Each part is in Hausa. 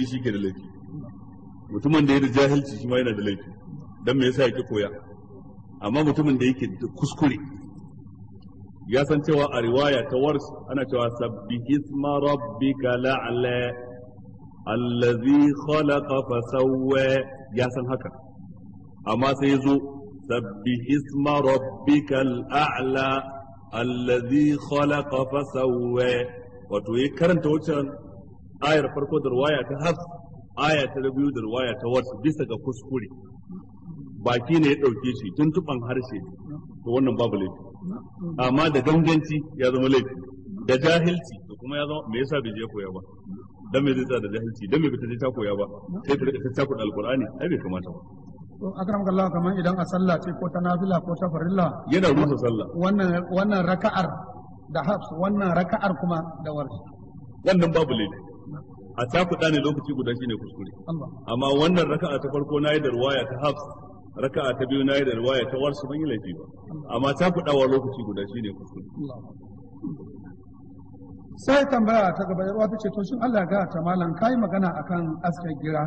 jahilci shi ke da laifi mutumin da ya da jahilci shi ma yana da laifi don me yasa ya yake koya amma mutumin da yake da kuskure ya san cewa a riwaya ta wars ana cewa sabbihisma rabbika la'la allazi khalaqa fasawwa ya san haka amma sai zo sabbihisma rabbikal a'la allazi khalaqa fasawwa wato ya karanta wucin ayar farko da ruwaya ta haf aya ta biyu da ruwaya ta wasu bisa ga kuskure baki ne ya ɗauke shi tuntuɓan harshe to wannan babu laifi amma da ganganci ya zama laifi da jahilci da kuma ya zama me yasa bai je koya ba dan me zai tsada da jahilci dan me bai je ta koya ba sai ta ta ta da alqur'ani ai bai kamata ba to akram kallah kamar idan a sallah ce ko ta nafila ko ta farilla yana rusa sallah wannan wannan raka'ar da hafs wannan raka'ar kuma da warshi wannan babu laifi a takuɗa ne lokaci guda shine kuskure amma wannan raka'a ta farko na yi da ruwaya ta hafs raka'a ta biyu na yi da ruwaya ta warsu ban yi laifi ba amma takuɗawa lokaci guda shine kuskure sai tambaya ta gaba yarwa ta ce to shin Allah ga ta malam kai magana akan askar gira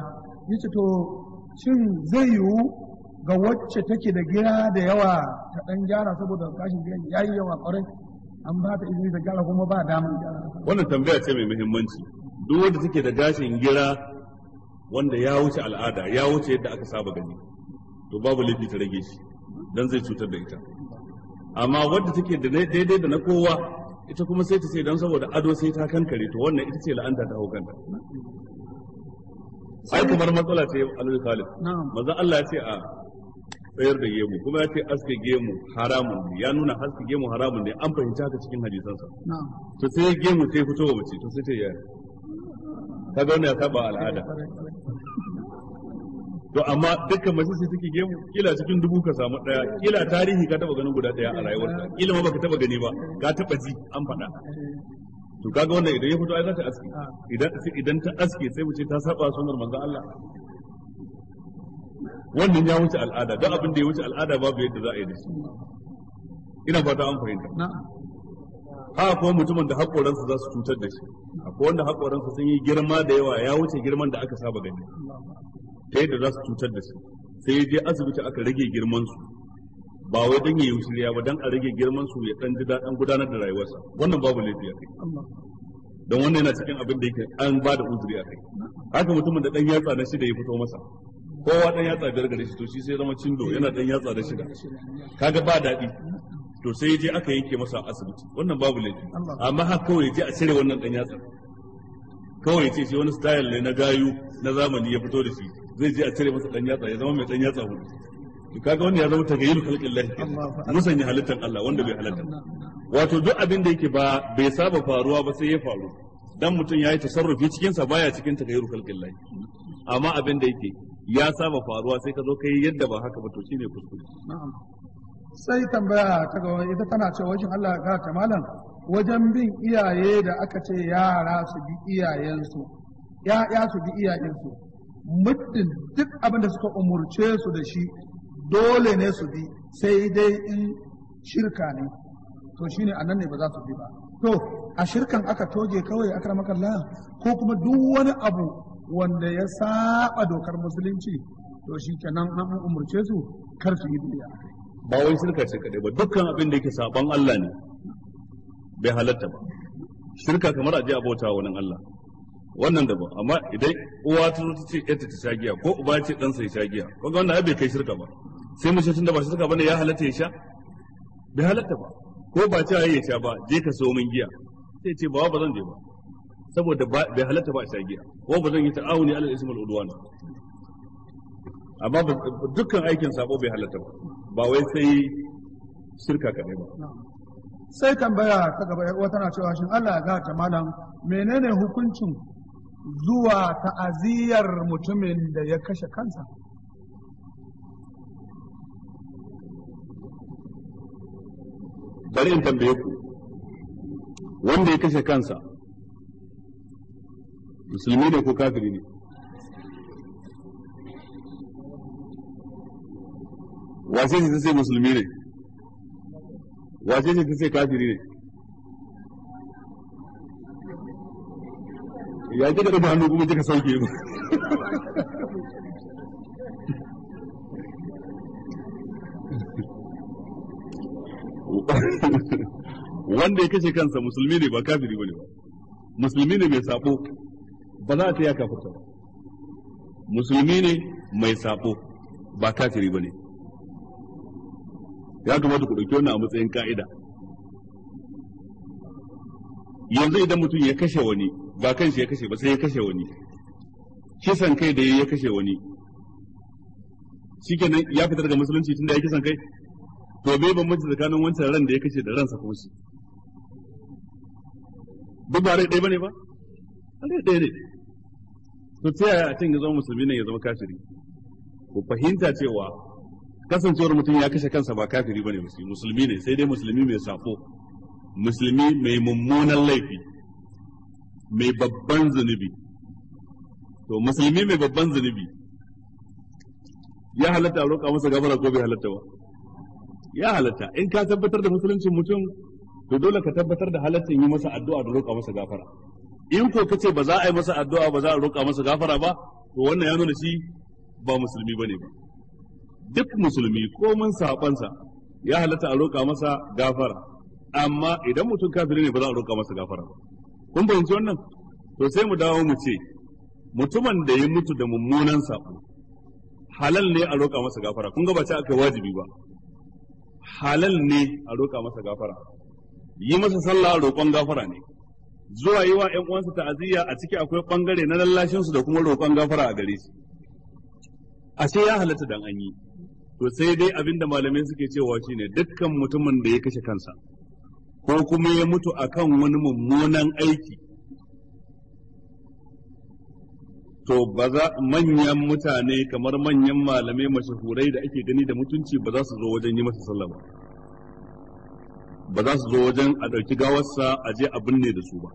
yace to shin zai yiwu ga wacce take da gira da yawa ta dan gyara saboda kashin gidan yayi yawa kwarai an ba ta izini da gyara kuma ba damar gyara wannan tambaya ce mai muhimmanci duk wanda take da gashin gira wanda ya wuce al'ada ya wuce yadda aka saba gani to babu laifi ta rage shi dan zai cutar da ita amma wadda take da daidai da na kowa ita kuma sai ta sai don saboda ado sai ta kankare to wannan ita ce la'anta ta haukanta kuma kamar matsala ce alul khalid manzo Allah ya ce a tsayar da gemu kuma ya ce aske gemu haramun ne ya nuna aske gemu haramun ne an fahimta haka cikin hadisansa to sai gemu sai fito wa mace to sai ta yaya ta wannan ya saba al'ada to amma dukkan masu sai take gemu kila cikin dubu ka samu daya kila tarihi ka taba ganin guda daya a rayuwarka kila ma baka taba gani ba ka taba ji an faɗa to kaga wannan idan ya fito ai za ta aske idan idan ta aske sai mu ce ta saba sunnar manzon Allah wannan ya wuce al'ada don abin da ya wuce al'ada babu yadda za a yi da shi ina fata an fahimta ha ko mutumin da haƙoransu za su cutar da shi akwai wanda haƙoransu sun yi girma da yawa ya wuce girman da aka saba gani ta yadda za su cutar da shi sai ya je asibiti aka rage girman su ba wai dan yayi shirya ba dan a rage girman su ya dan ji daɗin gudanar da rayuwarsa wannan babu laifi a kai don wannan yana cikin abin da yake an ba da uzuri a kai haka mutumin da dan yatsa na shida ya fito masa kowa dan yatsa biyar gare shi to shi sai zama cindo yana dan yatsa da shida kaga ba daɗi to sai je aka yanke masa a asibiti wannan babu laifi amma haka kawai je a cire wannan dan yatsar kawai ce shi wani style ne na gayu na zamani ya fito da shi zai je a cire masa dan yatsa ya zama mai dan yatsa hudu kaga wannan ya zama tagayyul khalqillah musanya halittar Allah wanda bai halatta wato duk abin da yake ba bai saba faruwa ba sai ya faru dan mutum yayi tasarrufi cikin sa baya cikin tagayyul khalqillah amma abin da yake ya saba faruwa sai ka zo kai yadda ba haka ba to shine kuskure sai tambaya ta gaba ita tana cewa wajen Allah ga ta malam wajen bin iyaye da aka ce yara su bi iyayensu ya'ya su bi iyayensu muddin duk abin da suka umurce su da shi dole ne su bi sai dai in shirka ne to shine anan ne ba za su bi ba to a shirkan aka toge kawai akramakallah ko kuma duk wani abu wanda ya saba dokar musulunci to shi kenan an umurce su kar su yi biya ba wai shirka ce kadai ba dukkan abin da yake saban Allah ne bai halatta ba shirka kamar aje abota wa nan Allah wannan da ba amma idan uwa ta zo ta ce yarta ta shagiya ko uba ce dan sai shagiya kaga wannan ai bai kai shirka ba sai mu tun da ba shirka bane ya halatta ya sha bai halatta ba ko ba ta ya sha ba je ka so min giya sai ce ba ba zan je ba saboda bai halatta ba a ko ba zan yi ta'awuni alal ismul udwan amma dukkan aikin sabo bai halatta ba ba wai sai shirka kadai ba sai tambaya ta gaba yar tana cewa shin Allah zata ta malam menene hukuncin zuwa ta'aziyar mutumin da ya kashe kansa bari in tambaye ku wanda ya kashe kansa musulmi ne ko kafiri ne wace ce ta ce musulmi ne wace ce ta ce kafiri ne ya ji da hannu kuma kika sauke ba wanda ya kashe kansa musulmi ne ba kafiri bane ba musulmi ne mai sabo ba za ta ya kafirta ba musulmi ne mai sabo ba kafiri bane ya kamata ku ɗauki wannan a matsayin ka'ida yanzu idan mutum ya kashe wani ba kanshi ya kashe ba sai ya kashe wani kisan kai da ya kashe wani shikenan ya fitar da musulunci tun da ya kisan kai to bai bambanci tsakanin wancan ran da ya kashe da ransa kuma shi duk ba rai ɗaya bane ba rai ɗaya ne to ta yaya a can ya zama musulmi ne ya zama kafiri ku fahimta cewa kasancewar mutum ya kashe kansa ba kafiri bane musulmi musulmi ne sai dai musulmi mai sako musulmi mai mummunan laifi mai babban zunubi to musulmi mai babban zunubi ya halatta a roƙa masa gafara ko bai halatta ba ya halatta in ka tabbatar da musuluncin mutum to dole ka tabbatar da halaccin yi masa addu'a da roƙa masa gafara in ko kace ba za a yi masa addu'a ba za a roƙa masa gafara ba to wannan ya nuna shi ba musulmi bane ba duk musulmi ko mun sabansa ya halatta a roƙa masa gafara amma idan mutum kafiri ne ba za a roƙa masa gafara ba kun fahimci wannan to sai mu dawo mu ce mutumin da ya mutu da mummunan sabo halal ne a roƙa masa gafara kun ga ba ta aka wajibi ba halal ne a roƙa masa gafara yi masa sallah roƙon gafara ne zuwa yi wa ƴan uwansa ta'aziyya a ciki akwai bangare na lallashin su da kuma roƙon gafara a gare A ashe ya halatta dan an yi to sai dai abin da malamai suke cewa shine dukkan mutumin da ya kashe kansa ko kuma ya mutu akan wani mummunan aiki to ba za manyan mutane kamar manyan malamai mashahurai da ake gani da mutunci ba za su zo wajen yi masa sallah ba ba za su zo wajen a ɗauki gawarsa a je a binne da su ba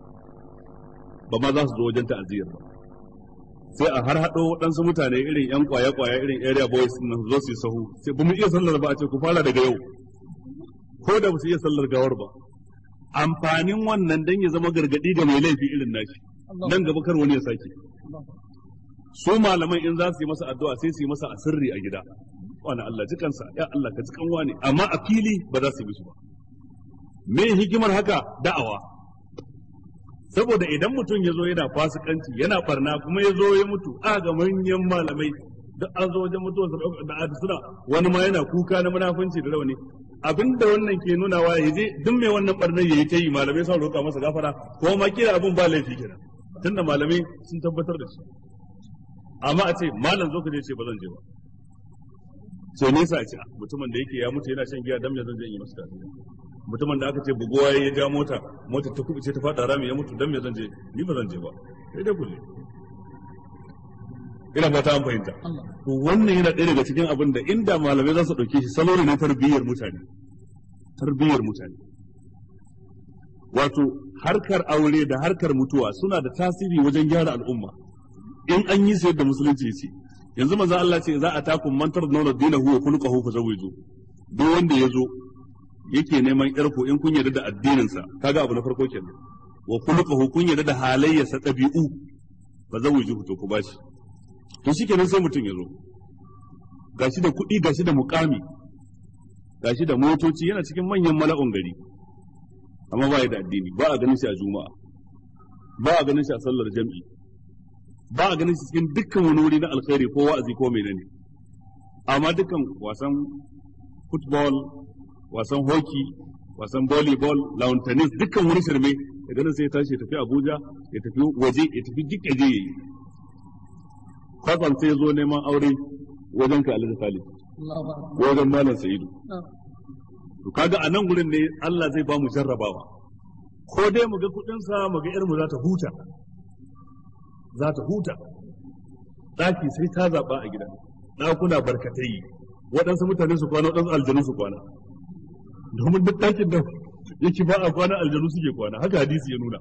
ba ma za su zo wajen ta'aziyar ba sai a har haɗo waɗansu mutane irin yan kwaya kwaya irin area boys na zo su sahu sai ba mu iya sallar ba a ce ku fara daga yau ko da ba su iya sallar gawar ba amfanin wannan dan ya zama gargadi ga mai laifi irin nashi nan gaba kar wani ya sake su malaman in za su yi masa addu'a sai su yi masa asirri a gida wani Allah jikansa ya Allah ka jikan wani amma a fili ba za su yi su ba me hikimar haka da'awa saboda idan mutum ya zo yana fasikanci yana barna kuma ya zo ya mutu a ga manyan malamai duk an zo wajen mutuwarsa da adisuna wani ma yana kuka na munafunci da rauni abinda wannan ke nuna wa ya je duk mai wannan barnar ya yi ta yi malamai sun roƙa masa gafara ko ma kira abin ba laifi kenan tunda malamai sun tabbatar da shi amma a ce malam zo ka je ce ba zan je ba sai nesa ce ah, mutumin da yake ya mutu yana shan giya dan me zan je in yi masa mutumin da aka ce buguwa ya ja mota mota ta kubuce ta fada rami ya mutu dan me zan je ni ba zan je ba sai dai kulle ina fata ta fahimta to wannan yana ɗaya daga cikin abin da inda malamai za su ɗauke shi salori ne tarbiyyar mutane tarbiyyar mutane wato harkar aure da harkar mutuwa suna da tasiri wajen gyara al'umma in an yi su yadda musulunci ce yanzu maza Allah ce za a takun mantar da nuna dinahu wa kulqahu fa zawiju duk wanda ya zo yake neman yarku in kun yarda da addininsa kaga abu na farko kenan wa khuluquhu kun yarda da halayyarsa tabi'u ba za mu wuji to ku bashi to shikenan sai mutum ya zo gashi da kuɗi gashi da mukami gashi da motoci yana cikin manyan mala'un gari amma ba da addini ba a ganin shi a juma'a ba a ganin shi a sallar jam'i ba a ganin shi cikin dukkan wani wuri na alkhairi ko wa'azi ko menene amma dukkan wasan football wasan hoki wasan volleyball lawn tennis dukkan wani shirme daga nan sai ya tashi ya tafi Abuja ya tafi waje ya tafi jikka je yi. kwatsam sai zo neman aure wajen ka Alhaji Salih wajen Malam Sa'idu ah. to kaga a nan gurin ne Allah zai ba mu jarrabawa ko dai mu ga kudin sa mu ga irmu za ta huta za ta huta daki sai ta zaba a gidan dakuna barkatai waɗansu mutane su kwana waɗansu aljanu su kwana domin duk ɗakin da yake ba a kwana aljanu suke kwana haka hadisi ya nuna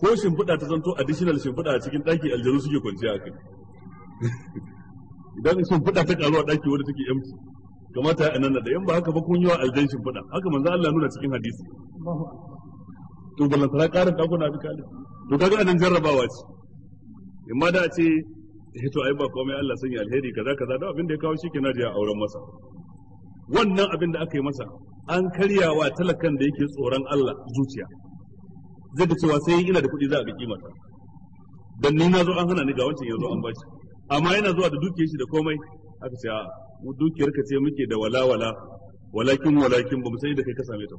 ko shimfiɗa ta zanto additional shimfiɗa a cikin ɗaki aljanu suke kwanciya a kai idan shimfiɗa ta karuwa ɗaki wanda take empty kamata a nan da yan ba haka ba kun yi wa aljan shimfiɗa haka manzo Allah nuna cikin hadisi to ballan tara ƙarin ɗakuna bi kalin to kaga anan jarrabawa ce imma da a ce eh to ai ba komai Allah sanya alheri kaza kaza da abin da ya kawo shi kenan da ya auren masa wannan abin da aka yi masa an karyawa talakan da yake tsoron Allah zuciya zai da cewa sai ina da kuɗi za a ga kimata dan ni na zo an hana ni ga wancan yanzu an bashi amma yana zuwa da dukiyar shi da komai aka ce a dukiyar ka ce muke da walawala walakin walakin ba mu sai da kai ka same ta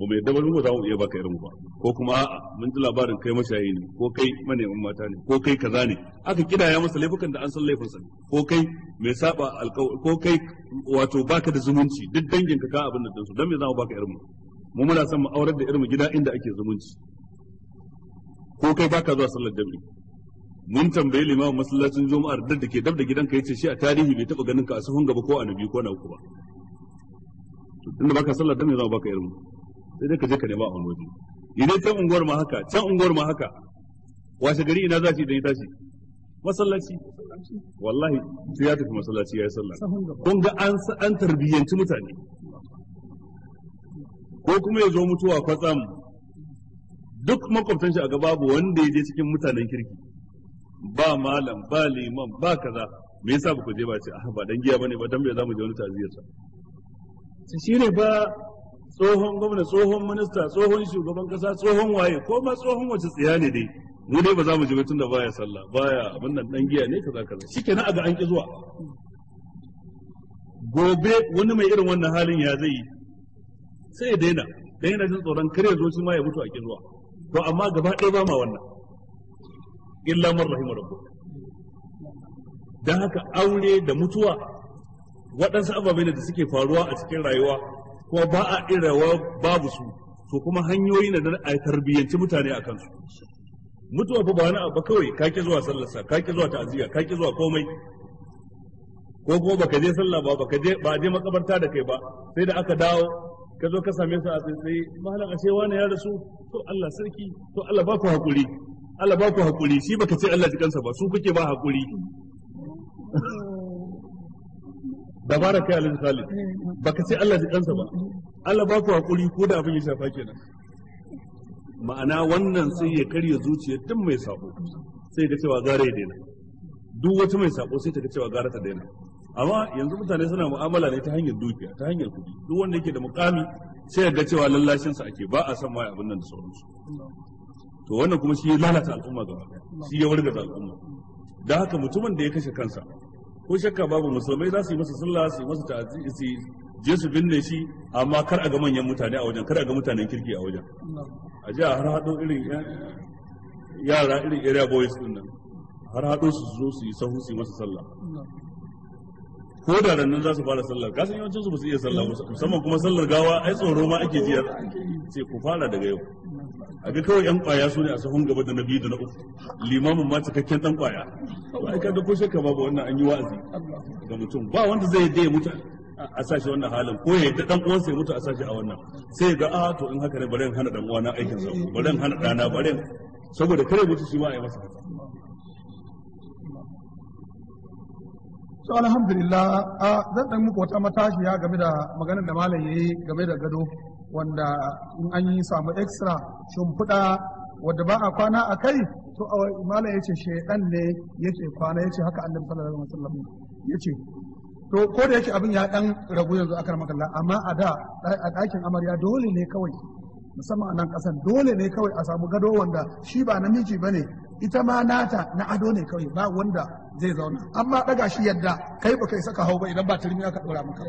ba mai da mu za mu iya baka irin ba ko kuma a'a mun ji labarin kai mashayi ne ko kai maneman mata ne ko kai kaza ne aka kidaya masa laifukan da an san laifinsa ko kai mai saba alƙawari ko kai wato baka da zumunci duk dangin ka ka abin da dinsu dan me za mu baka irin mu muna son mu aurar da irin gida inda ake zumunci ko kai baka zuwa sallar jami'i mun tambayi limamin masallacin juma'ar da ke dab da gidanka yace shi a tarihi bai taba ganin ka a sahun gaba ko a nabi ko na uku ba tunda baka sallar dan me za mu baka irin sai dai ka je ka nema a wani waje idan can unguwar ma haka can unguwar ma haka washe gari ina za shi idan ya tashi masallaci wallahi sai ya tafi masallaci ya yi sallah kun ga an an tarbiyyanci mutane ko kuma ya zo mutuwa kwatsam duk makwabtan shi a gaba babu wanda ya je cikin mutanen kirki ba malam ba liman ba kaza me yasa ba ku je ba ce ah, ba dan giya bane ba dan me za mu je wani taziyar sa shi ne ba tsohon gwamna tsohon minista tsohon shugaban kasa tsohon waye ko ma tsohon wace tsiya ne dai mu dai ba za mu ji tunda da baya sallah baya abin nan dan giya ne kaza kaza na aga an ki zuwa gobe wani mai irin wannan halin ya zai sai daina dan yana jin tsoron kare zo shi ma ya mutu a ki zuwa to amma gaba ɗaya ba ma wannan illa man rahimar rabbu dan haka aure da mutuwa waɗansu ababai ne da suke faruwa a cikin rayuwa kuma ba a irawa babu su to kuma hanyoyi na da a tarbiyyanci mutane a kansu mutuwa fa ba wani abu kawai ka zuwa sallarsa ka zuwa ta'aziyya ka zuwa komai ko kuma baka je sallah ba baka je ba je makabarta da kai ba sai da aka dawo ka zo ka same su a tsaye malam ashe wani ya rasu to Allah sarki to Allah ba ku hakuri Allah ba ku hakuri shi baka ce Allah jikansa ba su kuke ba hakuri dabara kai alin salim baka sai Allah ji kansa ba Allah ba ku hakuri ko da abin ya shafa kenan ma'ana wannan sai ya karya zuciya duk mai sako sai ga cewa gara ya daina duk wata mai sako sai ta ga cewa gara ta daina amma yanzu mutane suna mu'amala ne ta hanyar dukiya ta hanyar kuɗi duk wanda yake da mukami sai ga cewa lallashin sa ake ba a san ma abin nan da sauransu to wannan kuma shi ya lalata al'umma gaba shi ya wargaza al'umma da haka mutumin da ya kashe kansa ko shakka babu musulmai za su yi masa sallah su yi masa ta'aziyya su je su binne shi amma kar a ga manyan mutane a wajen kar a ga mutanen kirki a wajen a ji a har haɗo irin yara irin area boys din nan har haɗo su zo su yi sahu su yi masa sallah ko da nan za su fara sallar kasan yawancin su ba su iya sallah musamman kuma sallar gawa ai tsoro ma ake jiyar sai ku fara daga yau a ga kawai yan kwaya su ne a sahun gaba da na biyu da na uku limamin ma cikakken dan kwaya ba ka da ko shakka ba wannan an yi wa'azi ga mutum ba wanda zai yadda ya mutu a sashi wannan halin ko ya yadda dan uwansa ya mutu a sashi a wannan sai ga a ah, to in haka ne bari in hana dan uwana aikin sa bari in hana dana bari saboda kare mutu shi ma a yi masa haka to alhamdulillah zan dan muku wata matashiya game da maganar da malam yayi game da gado wanda in an yi samu extra shimfiɗa wadda ba a kwana a kai to malam yace shedan ne yake kwana yace haka annabi sallallahu alaihi wasallam yace to ko da yake abin ya dan ragu yanzu akan makalla amma a da a ɗakin amarya dole ne kawai musamman a nan ƙasan dole ne kawai a samu gado wanda shi ba namiji ba ne ita ma nata na ado ne kawai ba wanda zai zauna amma daga shi yadda kai ba kai saka hau ba idan ba turmi aka dora maka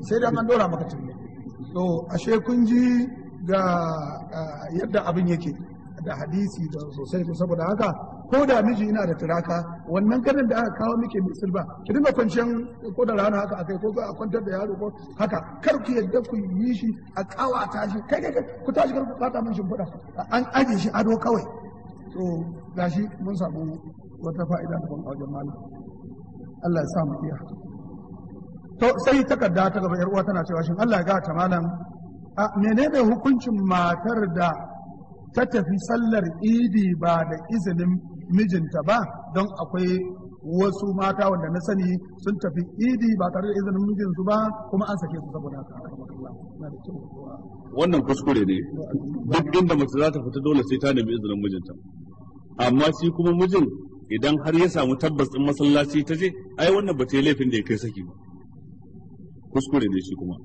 sai dai an dora maka turmi to ashe kun ji ga yadda abin yake da hadisi da sosai to saboda haka ko da miji ina da turaka wannan karin da aka kawo muke mai silba ki dinga kwanciyan ko da rana haka akai ko a kwantar da yaro ko haka kar ku yadda ku yi shi a kawata shi kai kai ku tashi kar ku fata min shimfiɗa an aje shi ado kawai so gashi mun samu wata fa'ida da ban wajen malam Allah ya sa mu iya to sai takarda ta gaba yar uwa tana cewa shin Allah ya ga ta malam a menene hukuncin matar da ta tafi sallar idi ba da izinin mijinta ba don akwai wasu mata wanda na sani sun tafi idi ba tare da izinin mijinsu ba kuma an sake su saboda haka wannan kuskure ne duk inda mace za ta fita dole sai ta nemi izinin mijinta amma shi kuma mijin idan har ya samu tabbas din masallaci ta je ai wannan ba ta yi laifin da ya kai saki ba kuskure ne shi kuma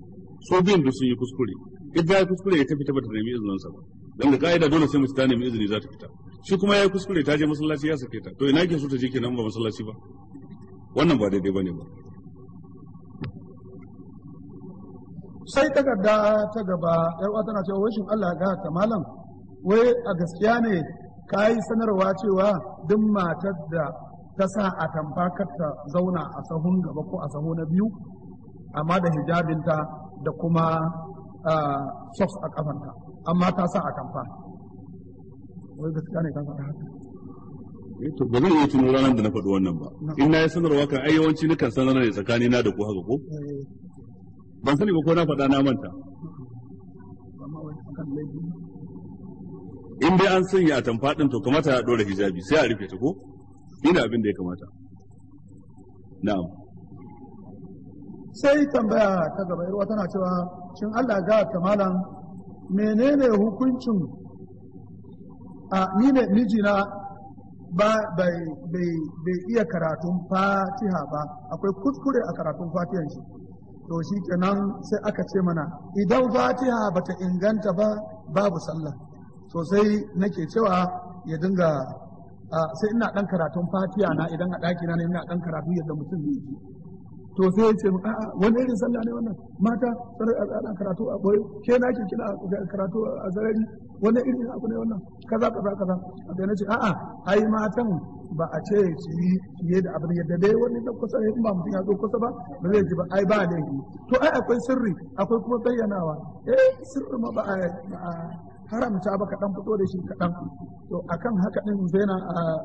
so biyun da sun yi kuskure idan ya kuskure ya tafi tabbatar da nemi izinin sa ba dan da ka'ida dole sai mace ta nemi izini za ta fita shi kuma yi kuskure ta je masallaci ya sake ta to ina yake so ta je kenan ba masallaci ba wannan ba daidai bane ba sai takarda ta gaba yar uwa tana cewa wajen Allah ga ta malam wai a gaskiya ne kai sanarwa cewa duk matar da ta sa a tamfa ta zauna a sahun gaba ko a saho na biyu amma da hijabinta da kuma ah, socks a kafanta amma ta sa a kamfa wai gaskiya ne kan haka eh to ba zan iya tuno ranar da na faɗi wannan ba in na yi sanarwa kan ai yawanci nukan sanar ne tsakani na da ku haka ko eh, eh. ban sani ba ko na faɗa na manta in dai an sanya a tamfaɗin to kamata ya ɗora hijabi sai a rufe ta ko ina abin da ya kamata na'am sai tambaya ta gaba irwa tana cewa shin Allah ga ta malam menene hukuncin a ni ne mijina ba bai iya karatun fatiha ba akwai kuskure a karatun fatihan shi to shi kenan sai aka ce mana idan fatiha bata inganta ba babu sallah sosai nake cewa ya dinga sai ina dan karatun fatiha na idan a ɗakina na ina dan karatu yadda mutum zai yi to sai ya ce a wani irin sallah ne wannan mata a karatu a boye ke na kina karatu a zarari wani irin abu ne wannan kaza kaza kaza a da nace a'a ai matan ba a ce su yi fiye da abin yadda dai wani da kusa ne ba mutum ya zo kusa ba ba zai ji ba ai ba da yi to ai akwai sirri akwai kuma bayyanawa eh sirri ma ba a haramta ba kaɗan fito da shi kaɗan to akan haka ɗin zaina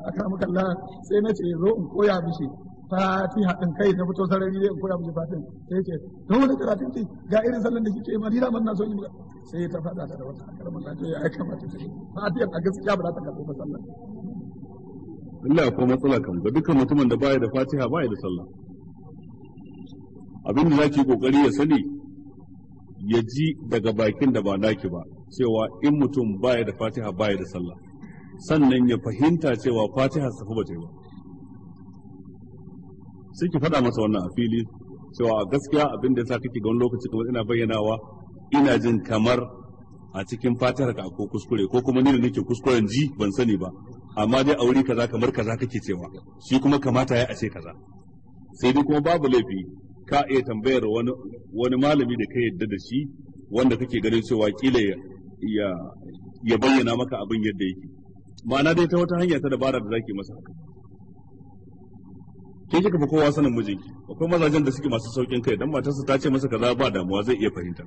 a kan makalla sai na ce zo in koya mishi fatiha ɗin kai na fito sarari ne in koya miki fatiha sai ya ce to wani karatun ki ga irin sallan da kike ma dina man na so yi maka sai ta fada ta da wata kalmar ce ya kamata ta fatiha a gaskiya ba za ta karɓi ba sallan Allah akwai matsala kan ga dukkan mutumin da baya da fatiha baya da sallah abin da zaki kokari ya sani ya ji daga bakin da ba naki ba cewa in mutum baya da fatiha baya da sallah sannan ya fahimta cewa fatiha safa ba ta yi ba sai ki faɗa masa wannan a fili cewa gaskiya abin da sa kake ga wani lokaci kamar ina bayyanawa ina jin kamar a cikin fatar ko kuskure ko kuma ni da nake kuskuren ji ban sani ba amma dai a wuri kaza kamar kaza kake cewa shi kuma kamata ya ace kaza sai dai kuma babu laifi ka iya tambayar wani wani malami da ka yadda da shi wanda kake ganin cewa kila ya ya bayyana maka abin yadda yake ma'ana dai ta wata hanya ta dabara da zaki masa haka ke kika fi kowa sanin mijinki akwai mazajen da suke masu saukin kai dan matarsa ta ce masa kaza ba damuwa zai iya fahimta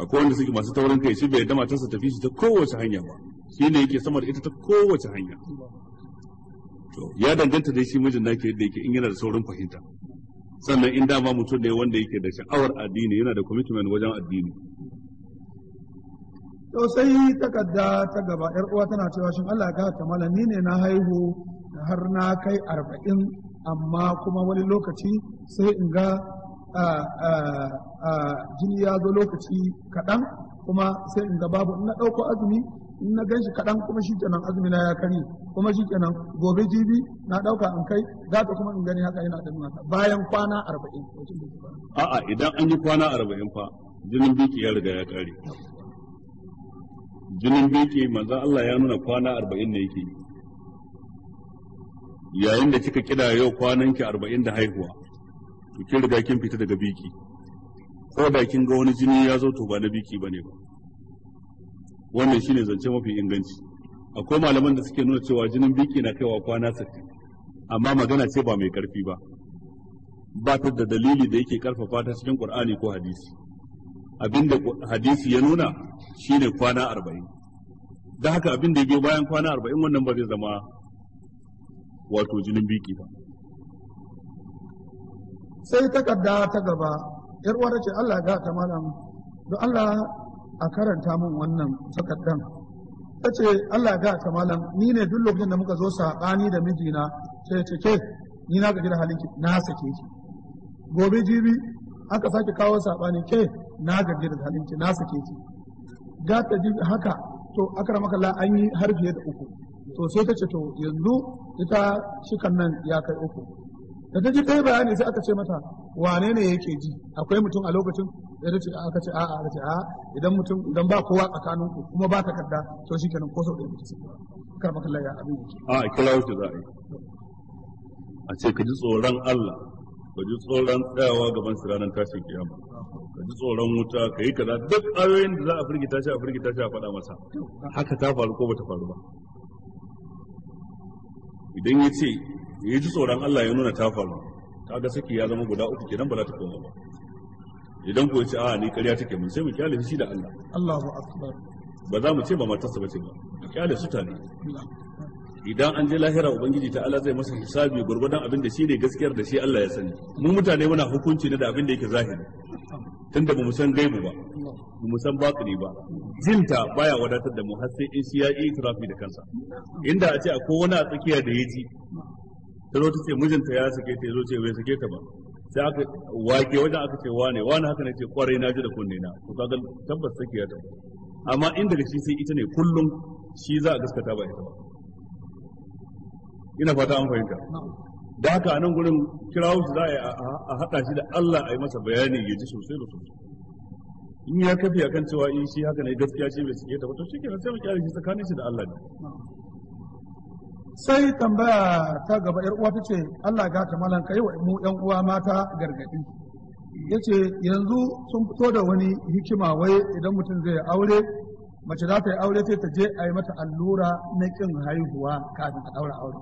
akwai wanda suke masu taurin kai shi bai da matarsa tafi shi ta kowace hanya ba shi ne yake samar ita ta kowace hanya to ya danganta dai shi mijin nake yadda yake in yana da saurin fahimta sannan in dama mutum ne wanda yake da sha'awar addini yana da commitment wajen addini to sai takarda ta gaba yar uwa tana cewa shin Allah ya kamala, ni ne na haihu har na kai arba'in amma kuma wani lokaci sai in ga jini ya zo lokaci kaɗan kuma sai in ga babu na ɗauko azumi in na gan shi kaɗan kuma shi kenan azumi na ya kari kuma shi kenan gobe jibi na ɗauka in kai gata kuma in gani haka yana da mata bayan kwana arba'in a'a idan an yi kwana arba'in fa jinin biki ya riga ya kare jinin biki manzo Allah ya nuna kwana arba'in ne yake yi yayin da kika kira yau kwanan ki arba'in da haihuwa to kin riga kin fita daga biki ko da kin ga wani jini ya zo to ba na biki ba ne ba wannan shine zance mafi inganci akwai malaman da suke nuna cewa jinin biki na kaiwa kwana sittin amma magana ce ba mai karfi ba ba ta da dalili da yake karfafa ta cikin qur'ani ko hadisi abinda hadisi ya nuna shine kwana arba'in da haka abin da ya biyo bayan kwana arba'in wannan ba zai zama wato jinin biki ba sai takarda ta gaba yar uwa ce Allah ga ta malam don Allah a karanta min wannan takardan tace ce Allah ga ta malam ni ne duk lokacin da muka zo sakani da mijina sai ta ke ni na ga jira halin ki." na sake ki gobe jibi aka sake kawo saɓani ke na gaji da ki." na sake ki ga ta jibi haka to maka la an yi har fiye da uku to sai ta ce to yanzu ita shikan nan ya kai uku da ta ji kai bayani sai aka ce mata wane ne yake ji akwai mutum a lokacin da ta ce aka ce a'a aka ce a'a idan mutum idan ba kowa tsakanin ku kuma ba ta kadda to shi shikenan ko sau da yake sai kar maka laya abin yake a kira wuce za a yi a ce ka ji tsoron Allah ka ji tsoron tsayawa gaban siranan tashin kiyama ka ji tsoron wuta ka yi kaza duk ayoyin da za a firgita shi a firgita shi a faɗa masa haka ta faru ko bata faru ba idan ya ce ya ji tsoron Allah ya nuna ta faru ga saki ya zama guda uku kenan ba za ta koma ba idan ko ce a ni ƙarya take mun sai mu kyale shi da Allah Allahu akbar ba za mu ce ba matarsa ba ce ba kyale su ta ne idan an je lahira ubangiji ta Allah zai masa hisabi gurgurdan abin da shi ne gaskiyar da shi Allah ya sani mu mutane muna hukunci ne da abin da yake zahiri tunda ba mu san gaibu ba ba mu san ne ba jinta baya wadatar da mu har sai in shi ya yi itirafi da kansa inda a ce akwai wani a tsakiya da ya ji ta zo ta ce mijinta ya sake ta zo ce bai sake ta ba sai aka wake wajen aka ce wane wane haka ne ce kwarai na ji da kunne na to kaga tabbas sakiya ta amma in daga shi sai ita ne kullum shi za a gaskata ba ita ba ina fata an fahimta da haka a nan gurin kirawo shi za a haɗa shi da Allah a yi masa bayani ya ji sosai da sosai in ya kafi akan cewa in shi haka ne gaskiya shi bai suke ta shi ke na sai mu kyale shi tsakanin shi da Allah ne sai tambaya ta gaba yar uwa tace Allah ga ta malan kai wa mu yan uwa mata gargadi yace yanzu sun fito da wani hikima wai idan mutum zai aure mace za ta yi aure sai ta je a yi mata allura na kin haihuwa kafin a ɗaura aure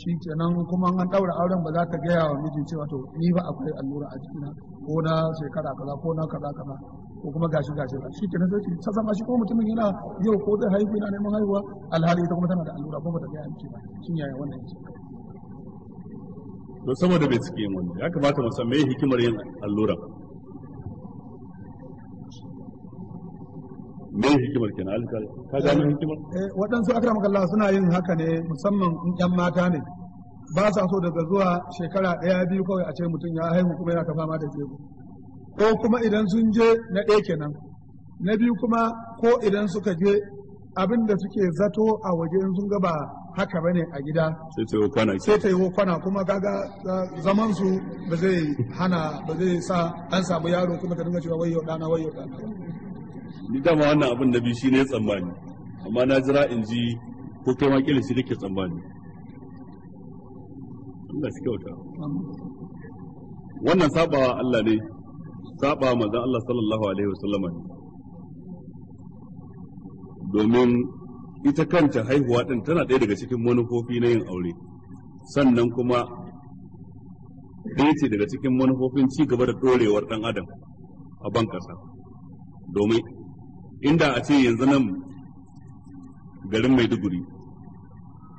shi kenan kuma an ɗaura auren ba za ta gaya wa mijin cewa to ni ba akwai allura a jikina ko na shekara kaza ko na kaza kaza ko kuma gashi gashi ba shi kenan sai ta zama shi ko mutumin yana yau ko zai haihu yana neman haihuwa alhali ita kuma tana da allura ko ba ta gaya miki ba shin yaya wannan yake to saboda bai suke yin wannan ya kamata mu san me hikimar yin allura me hikimar kenan alkal ka gano eh, hikimar waɗansu eh, waɗansu akramakallah suna yin haka ne musamman in ƴan mata ne ba sa so daga zuwa shekara ɗaya biyu kawai a ce mutum ya haihu kuma yana ta fama da jego ko kuma idan sun je na ɗaya kenan na biyu kuma ko idan suka je abin da suke zato a waje in sun gaba haka ba ne a gida sai ta yi kwana kuma kaga zaman su ba zai hana ba zai sa an samu yaro kuma ta dinga cewa wayo dana wayo dana ni dama wannan abin na biyu shine tsammani amma na jira in ji ko kai ma kila shi kake tsammani Allah shi kyauta wannan sabawa Allah ne saba manzon Allah sallallahu alaihi wasallama ne domin ita kanta haihuwa din tana ɗaya daga cikin manufofi na yin aure sannan kuma ɗaya ce daga cikin manufofin ci gaba da ɗorewar ɗan adam a ban ƙasa domin inda a ce yanzu nan garin maiduguri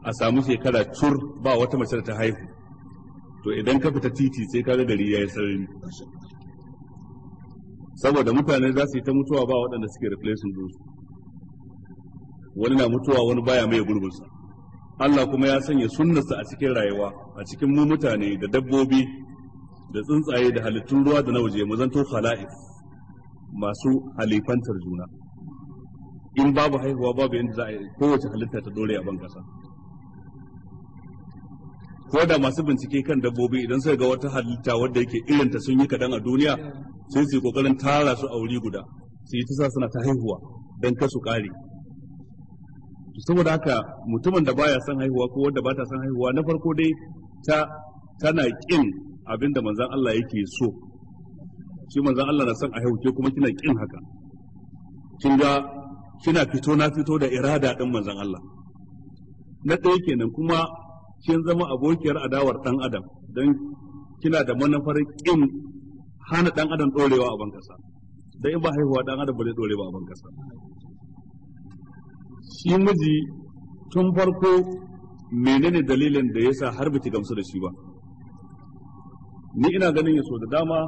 a samu shekara cur ba wata mace da ta haihu to idan ka fita titi sai kaga gari ya yi sarari saboda mutane za su yi ta mutuwa ba waɗanda suke replacing din wani na mutuwa wani baya mai gurbinsa Allah kuma ya sanya sunnarsa a cikin rayuwa a cikin mu mutane da dabbobi da tsuntsaye da halittun ruwa da na waje mu zanto khala'if masu halifantar juna in babu haihuwa babu yadda za a yi kowace halitta ta dore a ban kasa ko da masu bincike kan dabbobi idan suka ga wata halitta wadda yake irinta sun yi kadan a duniya sai su yi kokarin tara su a wuri guda su yi ta suna ta haihuwa don kasu kare saboda haka mutumin da baya son haihuwa ko wanda bata son haihuwa na farko dai ta tana kin abinda manzan Allah yake so shi manzan Allah na son a haihuke kuma kina kin haka kin ga kina fito na fito da irada din manzon Allah na ɗaya kenan kuma kin zama abokiyar adawar dan adam don kina da manufar kin hana dan adam dorewa a bankasa dan in ba haihuwa dan adam ba zai a bankasa shi miji tun farko menene dalilin da yasa har biki gamsu da shi ba ni ina ganin ya so da dama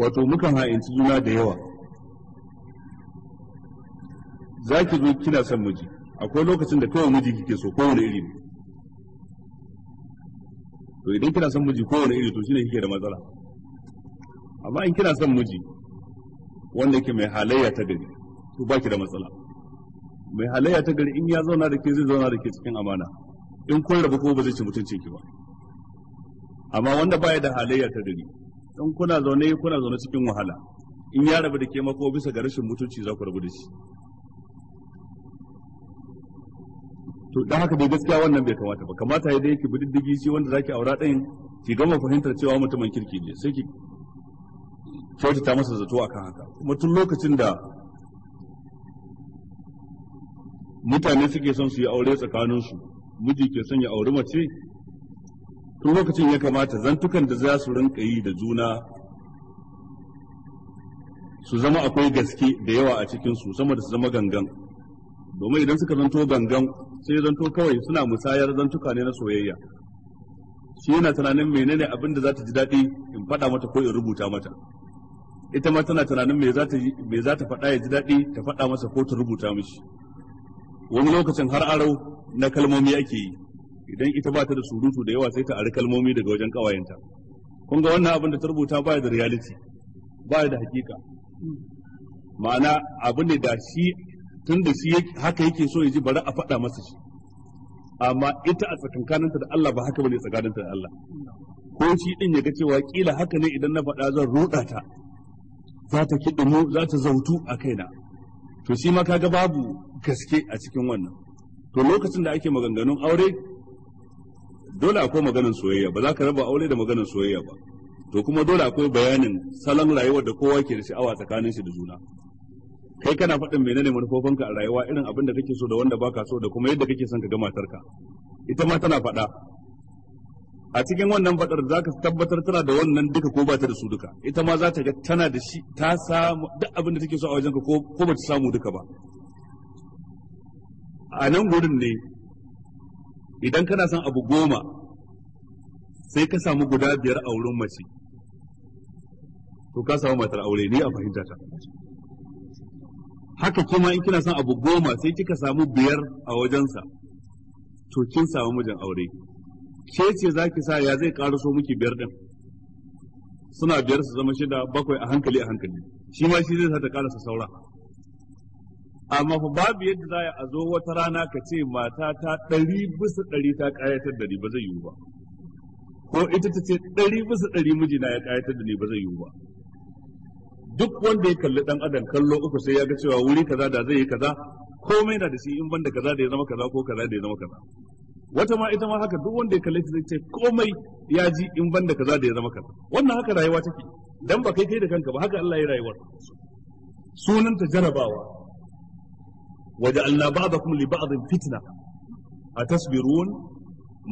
wato mukan ha'inci juna da yawa za ki zo kina son miji akwai lokacin da kawai miji kike so kowane iri to idan kina son miji kowane iri to shine kike da matsala amma in kina son miji wanda yake mai halayya ta gari to baki da matsala mai halayya ta gari in ya zauna da ke zai zauna da ke cikin amana in kun rabu ko ba zai ci mutunci ki ba amma wanda baya da halayya ta gari in kuna zaune kuna zaune cikin wahala in ya rabu da ke mako bisa ga rashin mutunci za ku rabu da shi to dan haka dai gaskiya wannan bai kamata ba kamata yadda yake bididdigi shi wanda zaki aura ɗayin ki gama fahimtar cewa mutumin kirki ne sai ki kyautata masa zato akan haka kuma tun lokacin da mutane suke son su yi aure tsakaninsu miji ke son ya auri mace tun lokacin ya kamata zantukan da za su rinka yi da juna su zama akwai gaske da yawa a cikinsu sama da su zama gangan domin idan suka zanto gangan sai zanto kawai suna musayar zantuka ne na soyayya shi yana tunanin menene abin da za ta ji daɗi in faɗa mata ko in rubuta mata ita ma tana tunanin me za ta me za ta faɗa ya ji daɗi ta faɗa masa ko ta rubuta mishi wani lokacin har aro na kalmomi ake yi idan ita ba ta da surutu da yawa sai ta ari kalmomi daga wajen kawayenta kun ga wannan abin da ta rubuta ba da reality ba da hakika ma'ana abin da shi tunda shi haka yake so ya ji bari a faɗa masa shi amma ita a tsakankaninta da Allah ba haka bane tsakaninta da Allah ko shi din ya ga cewa kila haka ne idan na faɗa zan roɗa ta za ta kiɗimu za ta zautu a kaina to shi ma kaga babu gaske a cikin wannan to lokacin da ake maganganun aure dole akwai maganar soyayya ba za ka raba aure da maganar soyayya ba to kuma dole akwai bayanin salon rayuwar da kowa ke da sha'awa tsakanin shi da juna kai kana faɗin menene manufofinka a rayuwa irin abin da kake so da wanda baka so da kuma yadda kake son ka ga matarka ita ma tana faɗa a cikin wannan faɗar za ka tabbatar tana da wannan duka ko ba ta da su duka ita ma za ta ga tana da shi ta samu duk abin da take so a wajenka ko ko ba ta samu duka ba a nan gurin ne idan kana son abu goma sai ka samu guda biyar a wurin mace to ka samu matar aure ni a fahimta ta haka kuma in kina son abu goma sai kika samu biyar a wajensa to kin samu mijin aure ke ce za ki sa ya zai karaso miki biyar din suna biyar su zama shida bakwai a hankali a hankali shi ma shi zai sa ta karasa saura amma fa babu yadda za a zo wata rana ka ce mata ta ɗari bisa ɗari ta ƙayatar da ni ba zai yiwu ba ko ita ta ce ɗari bisa ɗari mijina ya ƙayatar da ni ba zai yiwu ba duk wanda ya kalli dan adam kallo uku sai ya ga cewa wuri kaza da zai yi kaza komai na da shi in banda kaza da ya zama kaza ko kaza da ya zama kaza wata ma ita ma haka duk wanda ya kalle zai ce komai ya ji in banda kaza da ya zama kaza wannan haka rayuwa take dan ba kai kai da kanka ba haka Allah ya rayuwar sunan ta jarabawa waja'alna ba'dakum li ba'din fitna atasbirun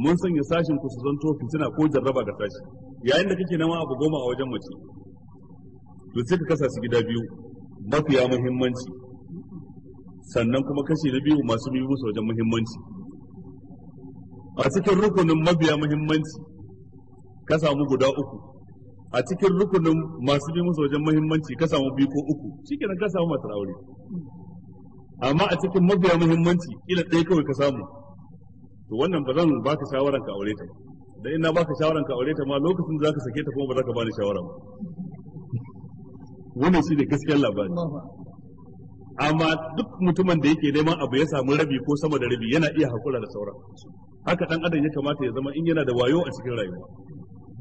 mun sanya sashin ku su zanto fitina ko jarraba ga sashi yayin da kake nama abu goma a wajen mace to sai ka kasa su gida biyu mafiya muhimmanci sannan kuma kashi na biyu masu biyu musu wajen muhimmanci a cikin rukunin mabiya muhimmanci ka samu guda uku a cikin rukunin masu bi musu wajen muhimmanci ka samu biyu ko uku shikenan ka samu masu aure amma a cikin mabiya muhimmanci kila ɗaya kawai ka samu to wannan ba zan baka shawaran ka aure ta dan ina baka shawaran ka aure ta ma lokacin da zaka sake ta kuma ba zaka bani shawara ba wannan da gaskiyar labari amma duk mutumin da yake neman abu ya samu rabi ko sama da rabi yana iya hakura da sauran haka dan adam ya kamata ya zama in yana da wayo a cikin rayuwa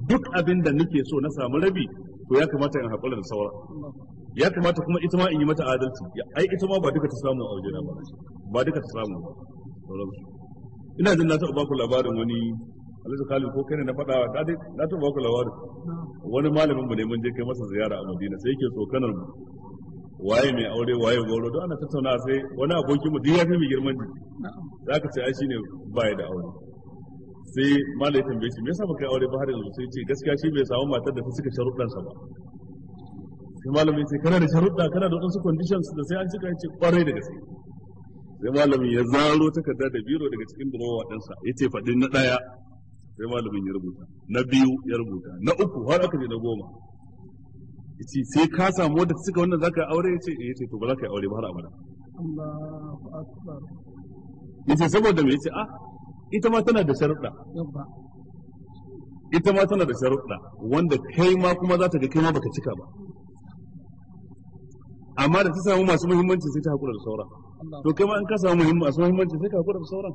duk abin da nake so na samu rabi to ya kamata in hakura da sauran ya kamata kuma ita ma in yi mata adalci ai ita ma ba duka ta samu a wajena ba ba duka ta samu ba ina jin na taɓa baku labarin wani alhaji khalid ko kai ne na faɗa wa ta na ba ku wani malamin mu ne mun je kai masa ziyara a madina sai yake tsokanar mu waye mai aure waye goro don ana tattauna sai wani abokin mu duk ya fi mai girman jiki zaka ce ai shine baya da aure sai malai tambaye shi me yasa baka aure ba har yanzu sai ce gaskiya shi bai samu matar da ta suka sharuɗan sa ba sai malamin sai kana da sharuɗa kana da wasu conditions da sai an cika yace kwarai da gaske sai malamin ya zaro takarda da biro daga cikin drawer ɗinsa yace faɗin na ɗaya sai malamin ya rubuta na biyu ya rubuta na uku har aka je na goma yace sai ka samu wanda suka wannan zaka aure yace eh yace to ba za ka aure ba har abada Allahu akbar yace saboda me yace ah ita ma tana da sharuɗa ita ma tana da sharuɗa wanda kai ma kuma za ta ga kai ma baka cika ba amma da ta samu masu muhimmanci sai ta hakura da saura to kai ma in ka samu masu muhimmanci sai ka hakura da sauran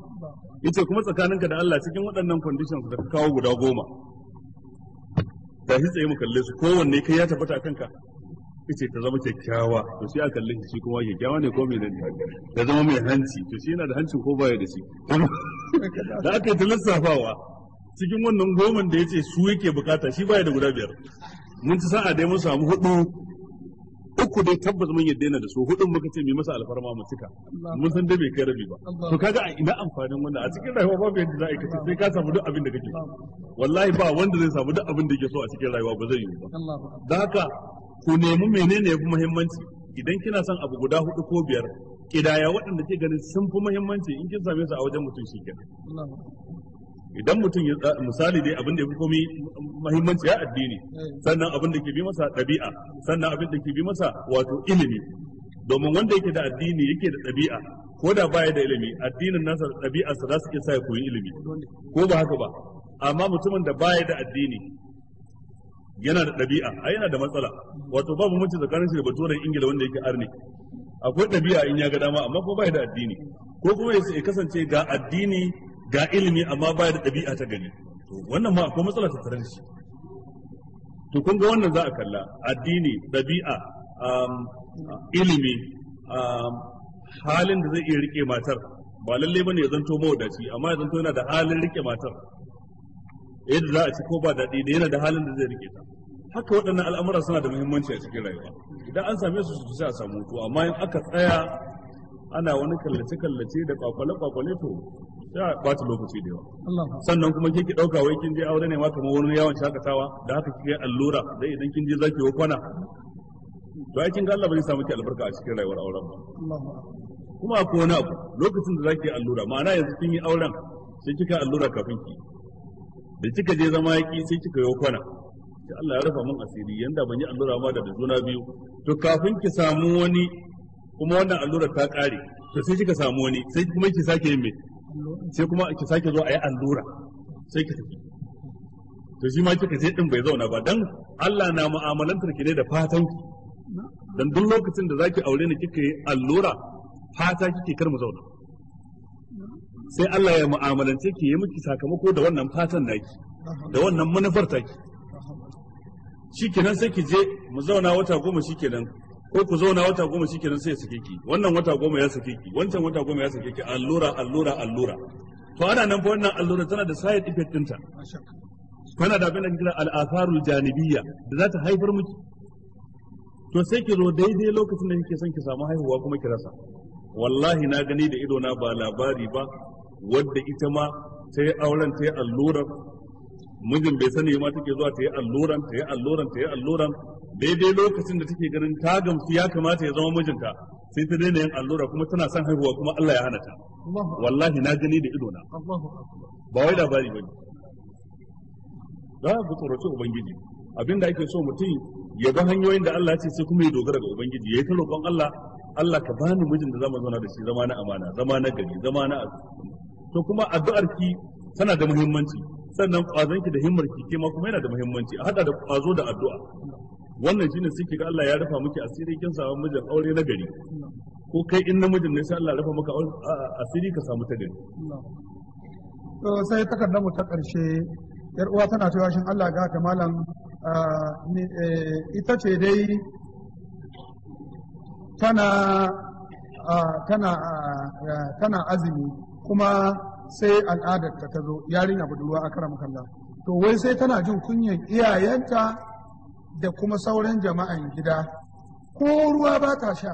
yace kuma tsakaninka da Allah cikin waɗannan conditions da ka kawo guda goma ga shi tsaye mu kalle su kowanne kai ya tabbata kanka yace ta zama kyakkyawa to sai a kalle shi kuma kyakkyawa ne ko me ne. ta zama mai hanci to shi yana da hancin ko baya da shi da aka yi ta lissafawa cikin wannan goma da yace su yake bukata shi baya da guda biyar mun ci sa'a dai mun samu hudu uku dai tabbas mun yadda yana da su hudun muka ce mai masa alfarma mu cika mun san dai bai kai rabi ba to kaga a ina amfanin wannan a cikin rayuwa babu yadda za a kace sai ka samu duk abin da kake wallahi ba wanda zai samu duk abin da yake so a cikin rayuwa ba zai yi ba dan haka ku nemi menene fi muhimmanci idan kina son abu guda hudu ko biyar kidaya waɗanda ke ganin sun fi muhimmanci in kin same su a wajen mutum shi kenan idan mutum ya misali dai abin da ya fi komai muhimmanci ya addini hmm. sannan abin da ke bi masa ɗabi'a sannan abin da ke bi masa wato ilimi domin wanda yake da addini yake da ɗabi'a ko da baya da ilimi addinin nasa da ɗabi'arsa za su iya sa ya koyi ilimi ko ba haka ba amma mutumin da baya da addini yana da ɗabi'a a yana da matsala wato babu mutum tsakanin shi da baturen ingila wanda yake arni akwai ɗabi'a in ya ga dama amma ko baya da addini ko kuma ya kasance ga addini ga ilimi amma baya da ɗabi'a ta gani, to wannan ma akwai matsala ta tare shi to kun ga wannan za a kalla addini ɗabi'a ilimi halin da zai iya rike matar ba lalle bane ya zanto mawadaci amma ya zanto yana da halin rike matar yadda za a ci ko ba daɗi da yana da halin da zai rike ta haka waɗannan al'amura suna da muhimmanci a cikin rayuwa idan an same su su sai a samu to amma in aka tsaya ana wani kallace kallace da kwakwale kwakwale to ya bata lokaci da yawa sannan kuma ke ki dauka wai kin je aure ne ma kamar wani yawon shakatawa da haka kike allura dai idan kin je zaki kwana to ai kin ga Allah ba zai samu ki albarka a cikin rayuwar auren ba kuma akwai wani abu lokacin da zaki allura ma'ana yanzu kin yi auren sai kika allura kafin ki da kika je zama yaki sai kika yi kwana sai Allah ya rufa min asiri yanda ban yi allura ma da juna biyu to kafin ki samu wani kuma wannan allurar ta kare to sai kika samu wani sai kuma ki sake yin me sai kuma ki sake zo a yi allura sai ki tafi to shi ma kika je din bai zauna ba dan Allah na mu'amalantar ki ne da fatan ki dan duk lokacin da zaki aure ni kika yi allura fata kike kar mu zauna sai Allah ya mu'amalance ki yi miki sakamako da wannan fatan naki da wannan manufar taki shikenan sai ki je mu zauna wata goma shikenan ko ku zauna wata goma shi kenan sai ya sake ki wannan wata goma ya sake ki wancan wata goma ya sake ki allura allura allura to ana nan fa wannan allura tana da side effect ɗinta kana da abin da kira al'asarul janibiyya da za ta haifar miki to sai ki zo daidai lokacin da kike son ki samu haihuwa kuma ki rasa wallahi na gani da ido na ba labari ba wadda ita ma ta yi auren ta yi allurar mijin bai sani ma take zuwa ta yi alluran ta yi alluran ta yi alluran daidai lokacin da take ganin ta gamsu ya kamata ya zama mijinta sai ta daina yin allura kuma tana son haihuwa kuma Allah ya hana ta wallahi na gani da idona ba wai labari bane za ku tsoroci ubangiji abinda ake so mutum ya ga hanyoyin da Allah ya ce sai kuma ya dogara ga ubangiji yayi ta roƙon Allah Allah ka bani mijin da zama zauna da shi zama na amana zama na gari zama na to kuma addu'ar ki tana da muhimmanci sannan kwazon ki da himmar ki ma kuma yana da muhimmanci a hada da kwazo da addu'a wannan shine ke ga Allah ya rufa miki asiri kin samu mijin aure na gari ko kai in namijin ne sai Allah ya rufa maka asiri ka samu ta gari to sai takardar mu ta karshe yar uwa tana cewa shin Allah ga ta malam e, ita ce dai tana tana tana azumi kuma sai al'adar ta zo yarinya budurwa a karam to wai sai tana jin kunyan iyayenta da kuma sauran jama'an gida ko ruwa ba ta sha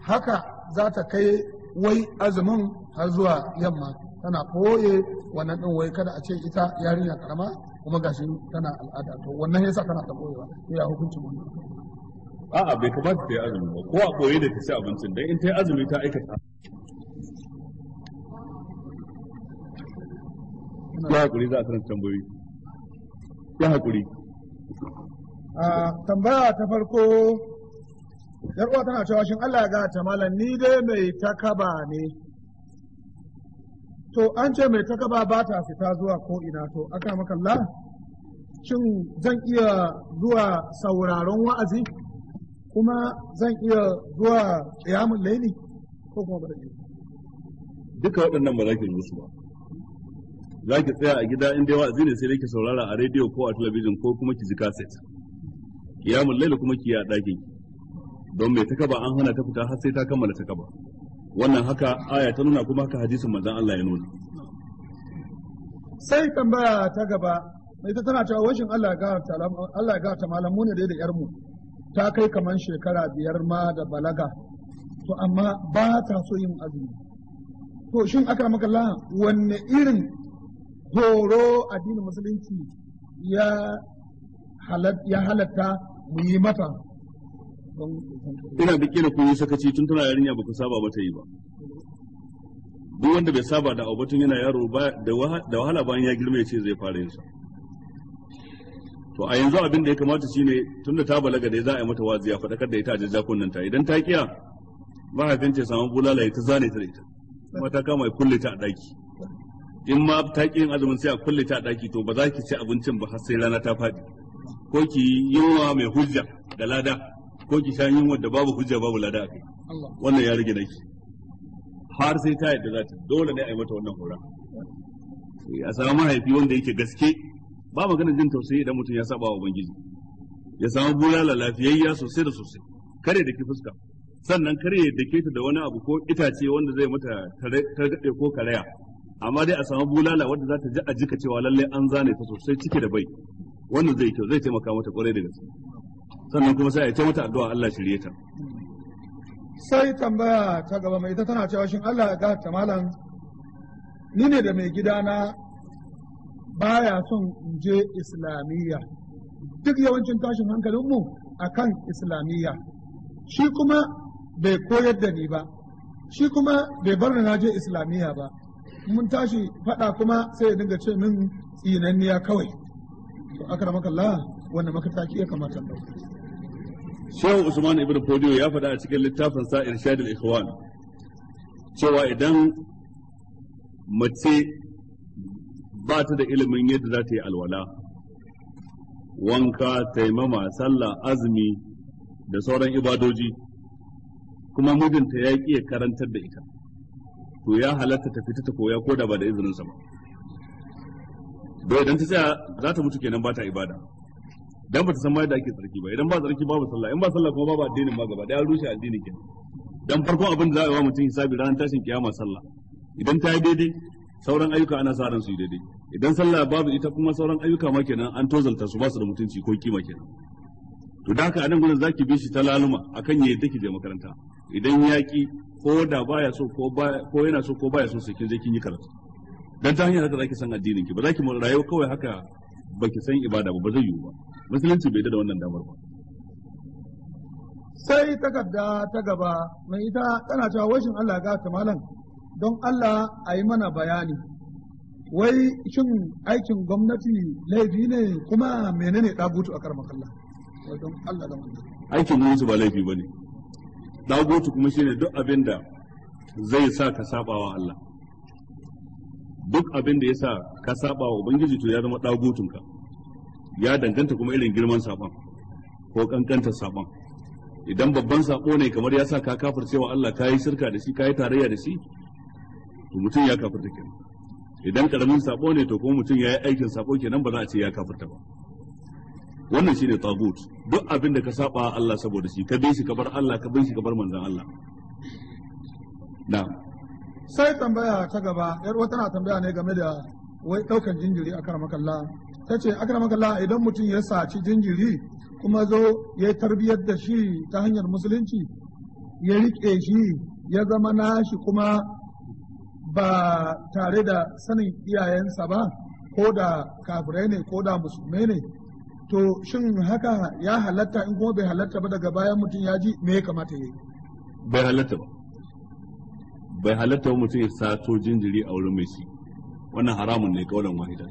haka za ta kai wai azumin har zuwa yamma tana koye wannan ɗin wai kada a ce ita yarinya karama kuma gashi tana al'ada to wannan yasa tana ta koyewa to ya hukuncin wannan a'a bai kamata ta yi azumi ba ko a koye da ta ci abincin dan in ta yi azumi ta aikata ya hakuri za a sanar tambayoyi ya hakuri Ah, tambaya ta farko yar tana cewa shin Allah ga ta malam ni dai mai takaba ne to an ce mai takaba ba ta fita zuwa ko ina to aka makalla shin zan iya zuwa sauraron wa'azi kuma zan iya zuwa kiyamun laili ko kuma ba duka waɗannan ba za ki musu ba za ki tsaya a gida in dai wa'azi ne sai dai ki saurara a rediyo ko a talabijin ko kuma ki ji kaset ya laila kuma ki ya ɗakin. don mai kaba an hana ta fita har sai ta kammala kaba. wannan haka aya ta nuna kuma haka hadisin manzon Allah ya nuna sai tambaya ta gaba Mai ta tana cewa washin Allah ga Allah ga ta malamu ne da yar mu ta kai kaman shekara biyar ma da balaga to amma ba ta so yin azumi to shin aka maka lahan wanne irin horo addinin musulunci ya halatta mu yi mata ina da kun yi sakaci tun tana yarinya ba ku saba ba ta yi ba duk wanda bai saba da abu tun yana yaro da wahala bayan ya girma ya ce zai fara yin sa to a yanzu abin da ya kamata shine tun da ta balaga da za a yi mata wazi a faɗakar da ita a nan ta idan ta kiya mahaifin ce samun bulala ya ta zane ta da ita kuma ta kama ya kulle ta a ɗaki in ma ta yin azumin sai a kulle ta a daki to ba za ki ci abincin ba har sai rana ta faɗi ko ki yunwa mai hujja da lada ko ki sha yunwa da babu hujja babu lada a kai wannan ya rage naki har sai ta yadda za ta dole ne a yi mata wannan hura a samu mahaifi wanda yake gaske ba magana jin tausayi idan mutum ya saba wa ubangiji ya samu bulala lafiyayya sosai da sosai kare da ki fuska sannan kare da ke ta da wani abu ko itace wanda zai mata targaɗe ko karaya amma dai a samu bulala wadda za ta ji a jika cewa lallai an zane ta sosai cike da bai wannan zai kyau zai taimaka mata kwarai da gaske sannan kuma sai a yi ta mata addu'a Allah shirye ta sai tambaya ta gaba mai ita tana cewa shin Allah ya gata malam ni ne da mai gidana baya son in je islamiyya duk yawancin tashin hankalin mu akan islamiyya shi kuma bai koyar da ni ba shi kuma bai bar na je islamiyya ba mun tashi faɗa kuma sai ya dinga ce min tsinanniya kawai to akramakallah wanda ki ya kamata Shehu Usman Ibn Fodiyo ya faɗa a cikin littafin sa al Ikhwan cewa idan mace ba ta da ilimin yadda za ta yi alwala wanka taimama sallah azumi da sauran ibadoji kuma mijinta ya ƙi karantar da ita to ya halatta ta fita ta koya ko da ba da izinin sa ba bai idan ta tsaya za ta mutu kenan ba ta ibada dan ba ta san ma yadda ake tsarki ba idan ba tsarki babu sallah in ba sallah kuma babu addinin ma gaba daya rushe addinin kenan dan farkon abin da za a yi wa mutum hisabi ranar tashin kiyama sallah idan ta yi daidai sauran ayyuka ana sa ran su yi daidai idan sallah babu ita kuma sauran ayyuka ma kenan an tozalta su ba su da mutunci ko kima kenan to da haka anan gurin zaki bi shi ta laluma akan yayin take je makaranta idan yaki ko da baya so ko ko yana so ko baya so sai kin je kin yi karatu dan ta hanyar haka zaki san addinin ki ba zaki mun rayuwa kawai haka baki san ibada ba ba zai yiwu ba musulunci bai da wannan damar ba sai takarda ta gaba mai ita tana cewa washin Allah ga ta malam don Allah a yi mana bayani wai shin aikin gwamnati laifi ne kuma menene dagutu a karmakalla don Allah da aikin gwamnati ba laifi ba ne dagotu kuma shine duk abin da zai sa ka saba wa Allah duk abin da ya sa ka saba wa ubangiji to ya zama dagotunka ya danganta kuma irin girman saban ko kankanta saban idan babban sako ne kamar ya sa ka kafar cewa Allah ka yi shirka da shi ka yi tarayya da shi to mutum ya kafirta kenan idan karamin sako ne to kuma mutum ya yi aikin sako kenan ba za a ce ya kafirta ba wannan shine tagut duk abin da ka saba Allah saboda shi ka bi shi ka Allah ka bi shi ka bar manzon Allah na sai tambaya ta gaba yar wata na tambaya ne game da wai daukan jinjiri a karmakalla ta ce a karmakalla idan mutum ya saci jinjiri kuma zo ya tarbiyar da shi ta hanyar musulunci ya riƙe shi ya zama nashi kuma ba tare da sanin iyayensa ba ko da kafirai ne ko da musulmai ne to shin haka ya halatta in kuma bai halatta ba daga bayan mutum ya ji me ya kamata ya yi bai halatta ba bai halatta ba mutum ya sato jinjiri a wurin mai shi wannan haramun ne kaulan wahida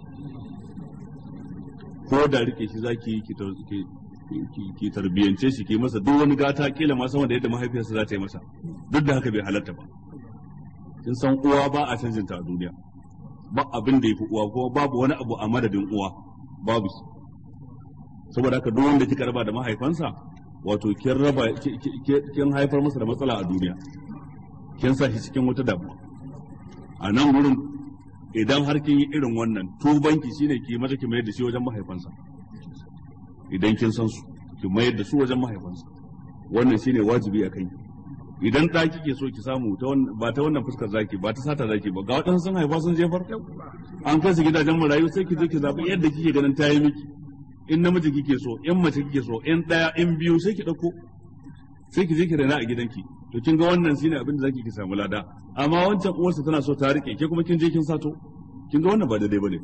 ko da rike shi zaki ki tarbiyyance shi ki masa duk wani gata kila ma sama da yadda mahaifiyarsa za ta yi masa duk da haka bai halatta ba kin san uwa ba a canjin ta a duniya ba abin da ya fi uwa ko babu wani abu a madadin uwa babu shi saboda haka duk wanda kika raba da mahaifansa wato kin raba kin haifar masa da matsala a duniya kin sa shi cikin wata damuwa a nan gurin idan har kin yi irin wannan tubanki shine ki mata ki mayar da shi wajen mahaifansa idan kin san su ki mayar da su wajen mahaifansa wannan shine wajibi a kai idan ɗa kike so ki samu ba ta wannan fuskar zaki ba ta sata zaki ba ga waɗansu sun haifa sun jefar an kai su gidajen marayu sai ki je ki zaɓi yadda kike ganin ta yi miki in namiji kike so in mace kike so in daya in biyu sai ki dauko sai ki je ki rena a gidanki to kin ga wannan shine abin da zaki ki samu lada amma wancan uwarsa tana so ta rike ke kuma kin je kin sato kin ga wannan ba daidai bane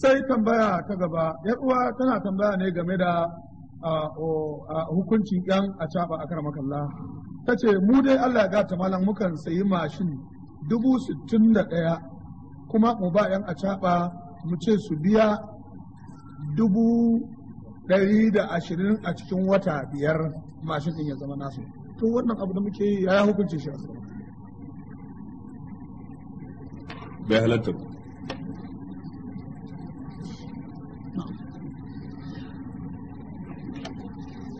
sai tambaya ta gaba yar uwa tana tambaya ne game da hukuncin yan a caba a karamakallah ta ce mu dai Allah ya gata malam mukan sayi mashin dubu sittin da ɗaya kuma mu ba yan a caba mu ce su biya dubu ɗari da ashirin a cikin wata biyar mashin ɗin ya zama nasu to wannan abu da muke yi ya hukunce shi a bai halatta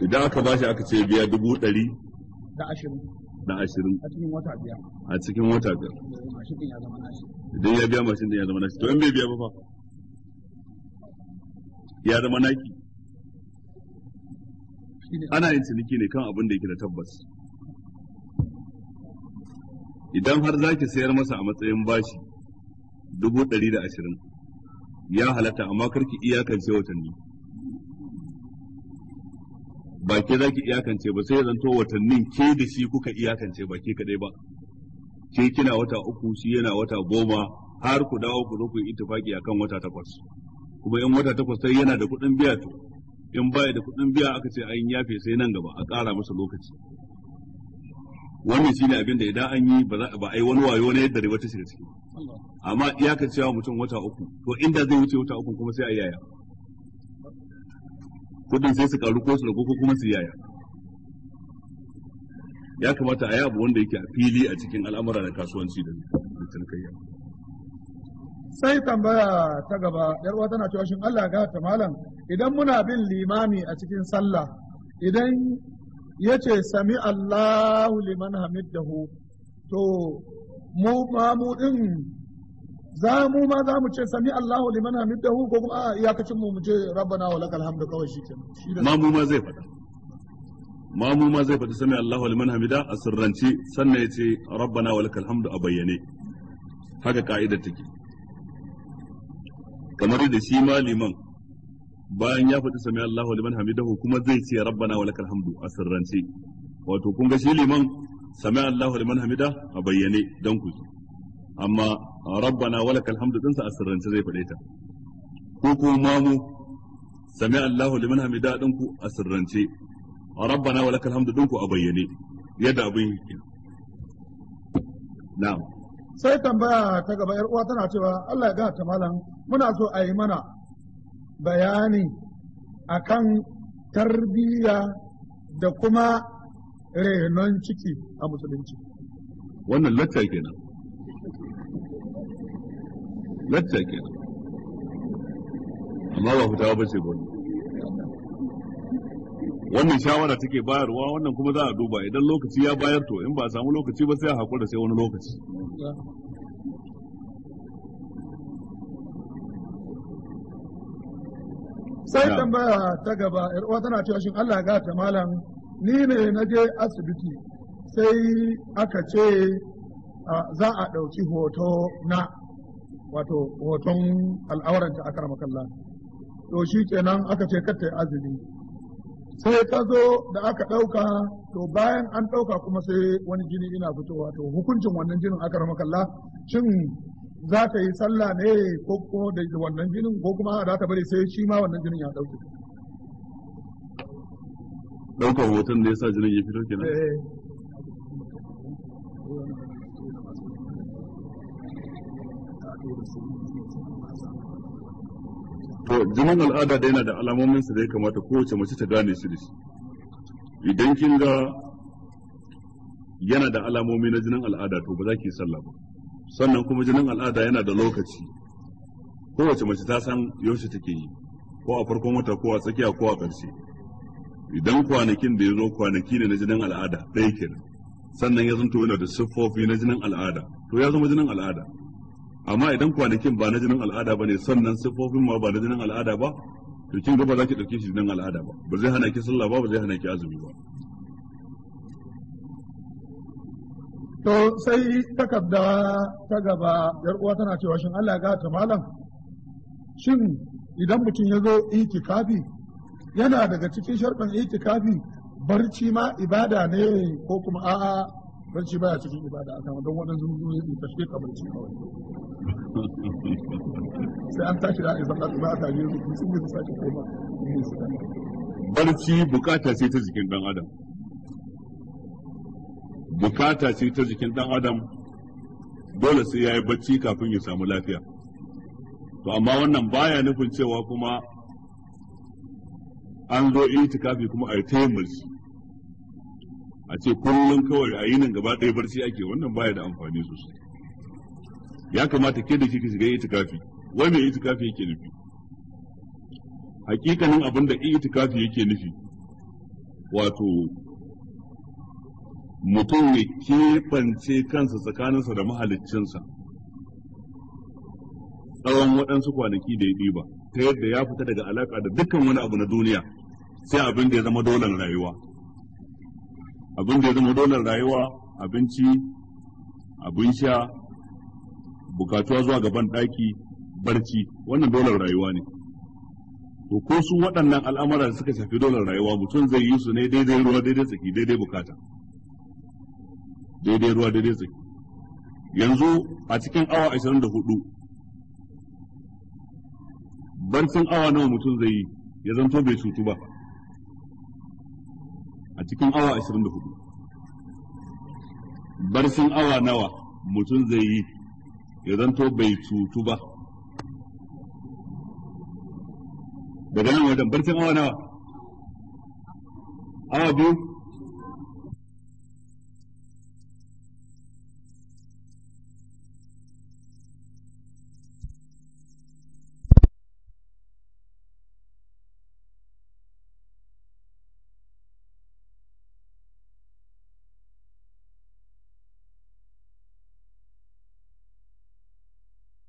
idan aka bashi aka ce biya dubu ɗari da ashirin da ashirin a cikin wata biyar a cikin wata biyar eh, idan ya biya mashin din ya zama nashi to in bai biya ba fa ya zama naki ana yin ciniki ne kan abin da yake da tabbas idan har za ki sayar masa a matsayin bashi dubu ɗari da ashirin ya halatta amma karki iyakance watanni ba ke za ki iyakance ba sai zanto watannin ke da shi kuka iyakance ba ke kaɗai ba ke kina wata uku shi yana wata goma har ku dawo ku zo ku yi ittifaki akan wata takwas kuma in wata takwas sai yana da kuɗin biya to in baya da kuɗin biya aka ce an yafe sai nan gaba a ƙara masa lokaci wannan shine abin da idan an yi ba a yi wani wayo na yadda riba ta shiga ciki amma iyaka cewa mutum wata uku to inda zai wuce wata uku kuma sai a yaya kudin sai su karu ko su rago ko kuma su yaya ya kamata a yi abu wanda yake a fili a cikin al'amura da kasuwanci da cinikayya sai tambaya ta gaba yar uwa tana cewa shin Allah ga ta malam idan muna bin limami a cikin sallah idan yace sami Allahu liman hamiddahu to mu ma mu din za mu ma za mu ce sami Allahu liman hamiddahu ko kuma iyakacin mu mu ce rabbana wa lakal hamdu kawai shi ma mu ma zai faɗa ma mu ma zai faɗi sami Allahu liman hamida a sirrance sannan ya ce rabbana wa lakal hamdu a bayyane haka ka'idar take kamar da shi ma liman bayan ya faɗi sami Allahu liman hamidahu kuma zai ce rabbana wa lakal hamdu a sirrance wato kun ga shi liman sami Allahu liman hamida a bayyane dan ku amma rabbana wa lakal hamdu din sa a sirrance zai faɗe ta ko kuma mu sami Allahu liman hamida din ku a sirrance rabbana wa lakal hamdu din ku a bayyane yadda abin yake na'am sai tambaya ta gaba yar uwa tana cewa Allah ya ga ta malam muna so a yi mana bayani akan tarbiyya da kuma renon ciki a musulunci wannan lacca kenan lacca kenan amma ba ta ba ce gwani wannan shawara take bayarwa wannan kuma za a duba idan lokaci ya bayar to in ba a samu lokaci ba sai a hakura sai wani lokaci sai tambaya ta gaba uwa tana cewa shin Allah ga ta malam ni ne na je asibiti sai aka ce za a ɗauki hoto na wato hoton al'auranta a karamakalla to shi kenan aka ce kata azumi sai ta zo da aka ɗauka to bayan an ɗauka kuma sai wani jini ina fitowa to hukuncin wannan jinin aka rama kalla shin za ta yi sallah ne ko kuma da wannan jinin ko kuma za ta bari sai shi ma wannan jinin ya ɗauke ɗaukar hoton da ya sa jinin ya fito kenan eh. to jinin al'ada da yana da alamomin sa da ya kamata kowace mace ta gane su da shi idan kin ga yana da alamomi na jinin al'ada to ba za ki sallah ba sannan kuma jinin al'ada yana da lokaci kowace mace ta san yaushe take yi ko a farkon wata ko a tsakiya ko a ƙarshe idan kwanakin da ya zo kwanaki ne na jinin al'ada ɗaya kenan sannan ya zanto yana da siffofi na jinin al'ada to ya zama jinin al'ada amma idan kwanakin ba na jinin al'ada ba ne sannan siffofin ma ba na jinin al'ada ba to kin gaba za ki ɗauke shi jinin al'ada ba ba zai hana ki sallah ba ba zai hana ki azumi ba. to sai takarda ta gaba yar uwa tana cewa shin Allah ya gata malam shin idan mutum ya zo itikafi yana daga cikin sharɗin itikafi barci ma ibada ne ko kuma a'a barci baya cikin ibada a kama don waɗansu zuwa su tashi ka barci kawai sai an tashi da aka ɗan ba a tashi su sun yi su sake koma ne su kan barci bukata ce ta jikin ɗan adam bukata ce ta jikin ɗan adam dole sai ya yi barci kafin ya samu lafiya to amma wannan baya nufin cewa kuma an zo itikafi kuma a yi ta yin barci a ce kullum kawai a yi nan gaba ɗaya barci ake wannan baya da amfani sosai ya kamata ke da ka shiga itikafi wai mai itikafi yake nufi hakikanin abin da itikafi yake nufi wato mutum ya keɓance kansa tsakaninsa da mahaliccinsa tsawon waɗansu kwanaki da ya ɗiba ta yadda ya fita daga alaƙa da dukkan wani abu na duniya sai abin da ya zama dolan rayuwa abin da ya zama dole rayuwa abinci abin sha bukatuwa zuwa gaban ɗaki barci wannan dole rayuwa ne to ko su waɗannan al'amura da suka shafi dole rayuwa mutum zai yi su ne daidai ruwa daidai tsaki daidai bukata daidai ruwa daidai tsaki yanzu a cikin awa 24 barcin awa nawa mutum zai yi ya zanto bai cutu ba a cikin awa 24 barsin awa nawa mutum zai yi ya zanto bai cutu ba daga nan wajen barcin awa nawa awa biyu